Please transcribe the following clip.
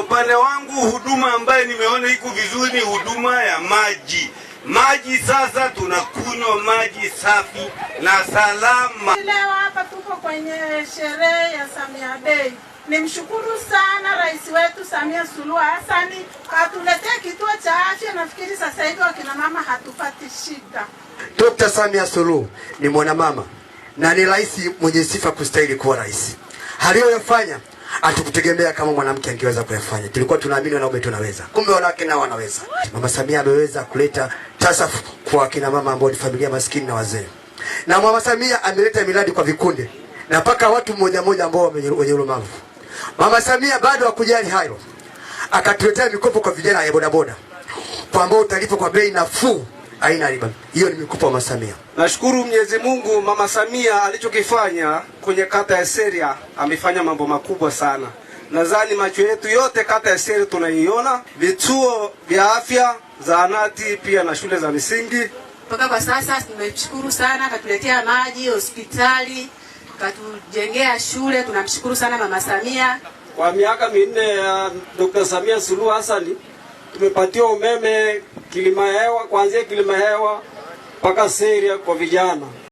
upande wangu, huduma ambayo nimeona iko vizuri ni huduma ya maji. Maji sasa tunakunywa maji safi na salama. Leo hapa tuko kwenye sherehe ya Samia Day. Nimshukuru sana rais wetu Samia Suluhu Hasani atuletee kituo cha afya. Nafikiri sasa hivi wakina mama hatupati shida. Dr. Samia Suluhu ni mwanamama na ni rais mwenye sifa kustahili kuwa rais. Aliyoyafanya atukutegemea kama mwanamke angeweza kuyafanya. Tulikuwa tunaamini wanaume tunaweza, kumbe wanawake nao wanaweza. Mama Samia ameweza kuleta tasafu kwa kina mama ambao ni familia maskini na wazee, na mama Samia ameleta miradi kwa vikundi na mpaka watu mmoja mmoja ambao wenye ulemavu. Mama Samia bado hakujali hayo, akatuletea mikopo kwa vijana ya bodaboda kwa ambao utalipa kwa bei nafuu haina riba. Hiyo nimekupa Mama Samia. Nashukuru Mwenyezi Mungu, Mama Samia alichokifanya kwenye kata ya Seria, amefanya mambo makubwa sana. Nadhani macho yetu yote kata ya Seria tunaiona, vituo vya afya, zahanati pia na shule za misingi Mpaka kwa sasa tumemshukuru sana, katuletea maji, hospitali, katujengea shule. Tunamshukuru sana Mama Samia kwa miaka minne ya Dr. Samia Suluhu Hassan tumepatiwa umeme Kilimahewa, kuanzia hewa mpaka Seria kwa vijana.